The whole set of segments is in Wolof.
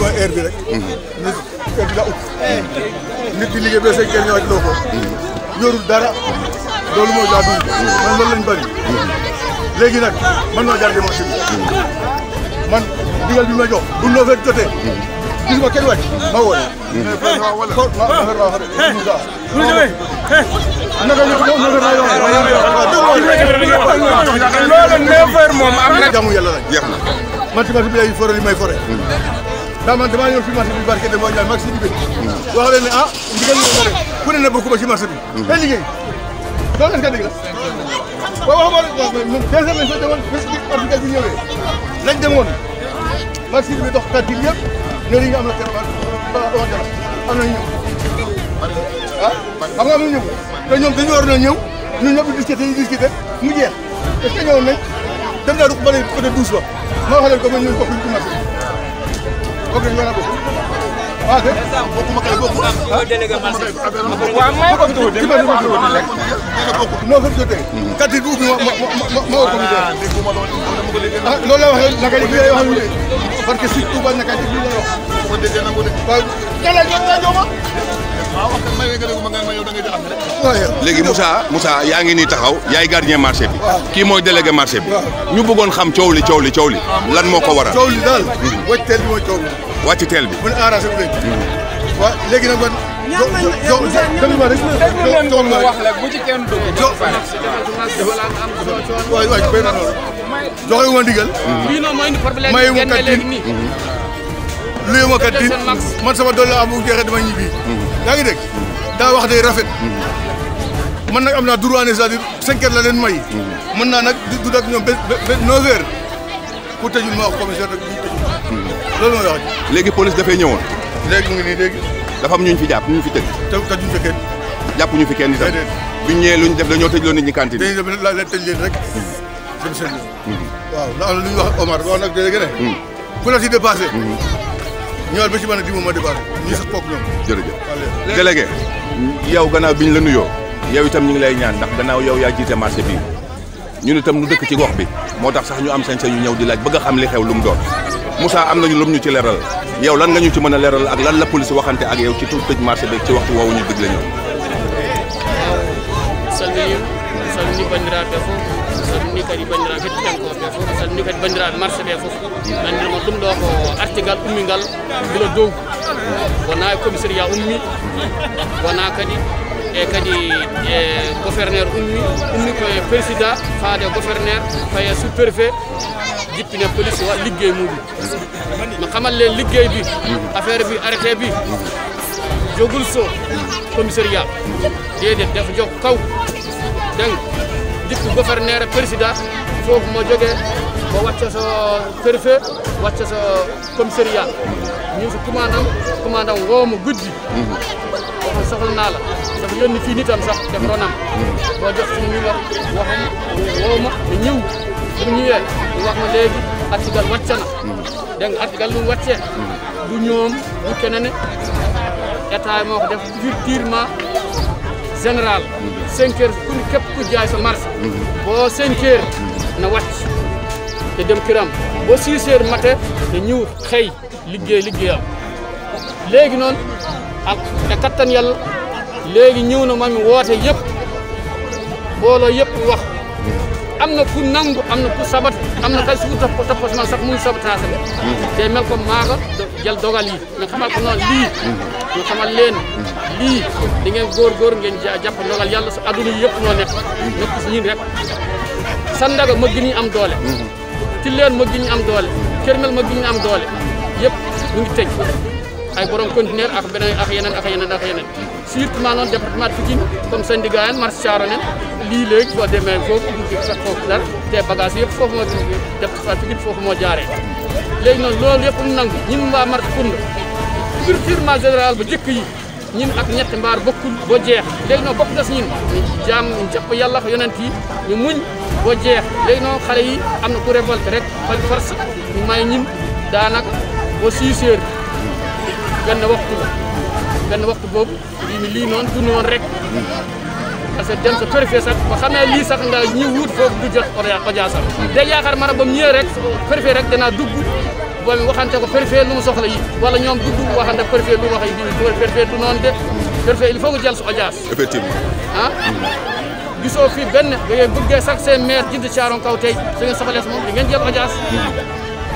ba heure bi rek. nit kër nga ut. ko. yorul dara loolu moo jaaduwul. man loolu lañ bëri. léegi nag man noo jaar démarche ma bu ma woo bu ñu demee. naka ko naka naa yoon. loolu neuf moom am na. jaamu yàlla la jeex na. man tamit bi lay fore li may fore. ndax man damaa ñëw fi marché bi barke de moo jaay mag si liggéey wax leen ne ah ndigal ñu ko ku ne ne bokkuma ci marché bi day liggéey loolu est-ce que dëgg la waaw wax ma rek wax ma ñun quinze heures lañ fa demoon bés bi article bi ñëwee lañ demoon marché bi dox kàddu yëpp ne li nga am la keroog am nañ ñëw ah xam nga am nañ ñëw te ñoom dañu war na ñëw ñun ñëpp mu jeex est-ce que ñëwoon nañ dem naa du ko ba ma wax leen ko ma ñëw bokkuñ ci marché ok ñu la ko. waaw kay. bokkuma kay bokkuma. ah bokkuma kay waaw maa ngi ko tuuti rek. maa ngi ko waxee naka li lay wax nii. parce que si Touba naka li lay wax. waaw. léegi Moussa Moussa yaa ngi nii taxaw yaay gardien marché bi kii mooy délégué marché bi ñu bëggoon xam coow li coow li coow li ah, lan moo ko waral coow li daal hmm. wàcc teel bi mooy coow li wàcc teel bi mun arrangé bu léegi hmm. waaw léegi nag man waay waay bay na loolu joxe ma ndigal mayu ma kantin luyu ma kantin man sama doole am bu jeexee ñibbi hmm. yaa ngi dégg daa wax day rafet mm-hmm. man nag am naa droit ne c'est-à-dire la leen may mm-hmm. mën naa nag du dak ñoom be neuf heures ku tëjul ma wax commissaire rek buñu tëjul mm-hmm. loolu mooy wax ñëwoon léegi mu ngi nii léegi dafa am ñu ñu fi jàpp ñu fi tëj te tëjuñ fi jàpp ñu fi kenn itam bu ñu ñëwee lu ñu def dañoo ñoo loo nit ñi cantine dañuy def la leen tëj leen rek dem seen yoon waaw la am lu ñu wax Omar wax nag dégg ne ku la si dépassé ñëwal ba ci mën a dimbali ma di ko wax. ñu sax kooku ñoom. jërëjëf délégué yow gannaaw bi ñu la nuyoo. yow itam ñu ngi lay ñaan ndax gannaaw yow yaa jiite marché bii ñun itam nu dëkk ci gox bi moo tax sax ñu am sañ-sañ ñu ñëw di laaj bëgg a xam li xew lu mu doon Moussa am nañu lum ñu ci leeral yow lan nga ñu ci mën a leeral ak lan la police waxante ak yow ci tëj marché bi ci waxtu woowu ñu dig la ñëw salmini bandiraɓe fof salmini kadi bandiraɓe hettiyankoɓe fof salmini kadi bandiraɓe marché ɓe fof nandirmo ɗum ɗo ko artigal ummigal guila dow wona commissariat ummi wona kadi e kadi e gouverneur ummi ummi koye président faade gouverneur faye sous préfet jippine police wa liggey muɗum mi xamalle liggey bi affaire bi arrêté bi jogul so commissariat dedet def jog kaw dégg dikk gouverneur président foofu ma jógee ma wàcce sa préfet wàcce sa commissariat ñu ngi si ma guddi. waxoon soxla naa la dafa yónni fii nitam sax def ronam. boo jox suñu ñu wax waxam woo ma wax ma léegi article wàcce na. dégg nga article mu wàccee. du ñoom du keneen état moo ko def virtuellement. général cinq heures ku képp ku jaay sa marché boo cinq na wàcc te dem këram boo six heures matin te ñëw liggéey liggéeyam léegi noon ak te kattan yàlla léegi ñëw na man mi woote yëpp booloo yëpp wax am na ku nangu am na ku sabat am na kay suñu topp toppatoo man sax muy sabotage la. tey mel ko maaga jël dogal yi nga xamal ko noonu lii. Mm-hmm. ñu xamal leen mm-hmm. lii di ngeen góor-góor ngeen jàpp ndogal yàlla su adduna yi yëpp ñoo nekk. Mm-hmm. nekk si ñun rek Sandaga ma gi ñu am doole. Tilleen ma gi ñu am doole. Kermel ma gi ñu am doole yëpp mu ngi tëj ay borom conteneur ak beneen ak yeneen ak yeneen ak yeneen surtout maanaam département Pikine comme syndicat yi marché Thiaroye lii léegi soo demee foofu mu fekk foofu te bagage yëpp foofu moo def certificat foofu moo jaaree léegi noonu loolu yëpp mu nangu ñun waa Mariscounda culturement général ba jëkk yi ñun ak ñetti mbaar bokkul boo jeex léegi noonu bokk des ñun ñu jaam ñu jàpp yàlla yonent yi ñu muñ boo jeex léegi noonu xale yi am na ku révolte rek fay force ñu may ñun daanaka ba six heures benn waxtu la benn lii noonu du noonu rek sa dem sa préfet sax ba xam ne lii sax nga ñi wut foofu du jot audience am day yaakaar maanaam ba mu ñëwee rek préfet rek danaa dugg ba waxante ko préfet lu mu soxla yi wala ñoom dugg waxante préfet lu mu wax yi di préfet du noonu de préfet il faut nga jël sa audience effectivement ah gisoo fii benn dangay bëggee sax seen maire jënd caaron kaw tey su ngeen soxlees moom di ngeen jël audience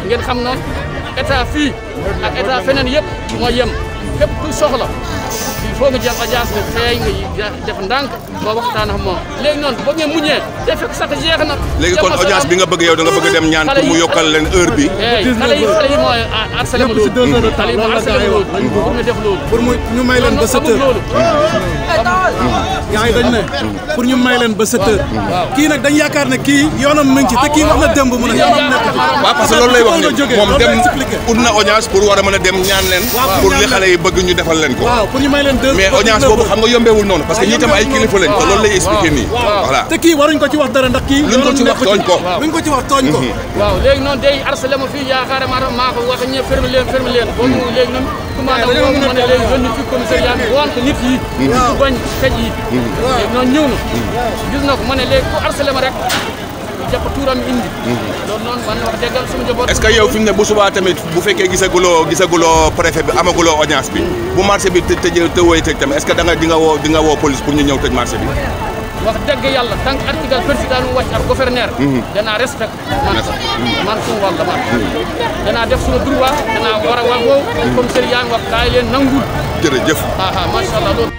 ngeen xam noonu état fii ak état feneen yëpp moo yem képp ku soxla foo nga jël audience nga feeñ nga def ndànk nga waxtaan ak léegi ba ngeen muñee day fekk sax jeex na léegi kon audience bi nga bëgg yow da nga bëgg dem ñaan pour mu yokkal leen heure ma loolu xale ñu may leen ba sept heures loolu yaa ngi dañ ne pour ñu may leen ba sept heures kii nag dañ yaakaar ne kii yoonam mu te kii wax na démb mu ne yoonam nekk waaw loolu lay wax ni moom dem ut na audience pour war a mën a dem ñaan leen pour li xale yi bëgg ñu defal leen ko mais audience boobu xam nga yombeewul noonu parce que ñi tam ay kilifa lañ te te kii waruñ ko ci wax dara ndax kii ko ci wax tooñ ko mhm. luñ noonu day arsalé ma fii maa maa ko wax ñe ferme leen ferme leen boo ñu léegi noonu commandant boobu ma ne léegi yónni ci commissariat bi woon ko nit yi mhm. ñu bañ yi mhm. léegi noonu ñëw na gis ma ne léegi ku arsalé rek jàpp tuuram indi. Mhm. loolu noonu man wax dëggal suñu njaboot. est-ce que yow fi mu ne bu subaa tamit bu fekkee gisaguloo gisaguloo préfet bi amaguloo audience bi. bu marché bi të tëjee tëwee tëj tamit est que da nga di nga woo di nga woo police pour ñu ñëw tëj marché bi. wax dëgg yàlla tant que article président ak gouverneur. Mhm. danaa respecté man mhm. man suñu wàll man. danaa def suñu droit danaa war a wax woowu. comme sëriñ yaa ngi leen nangul. jërëjëf ah ah macha allah loolu.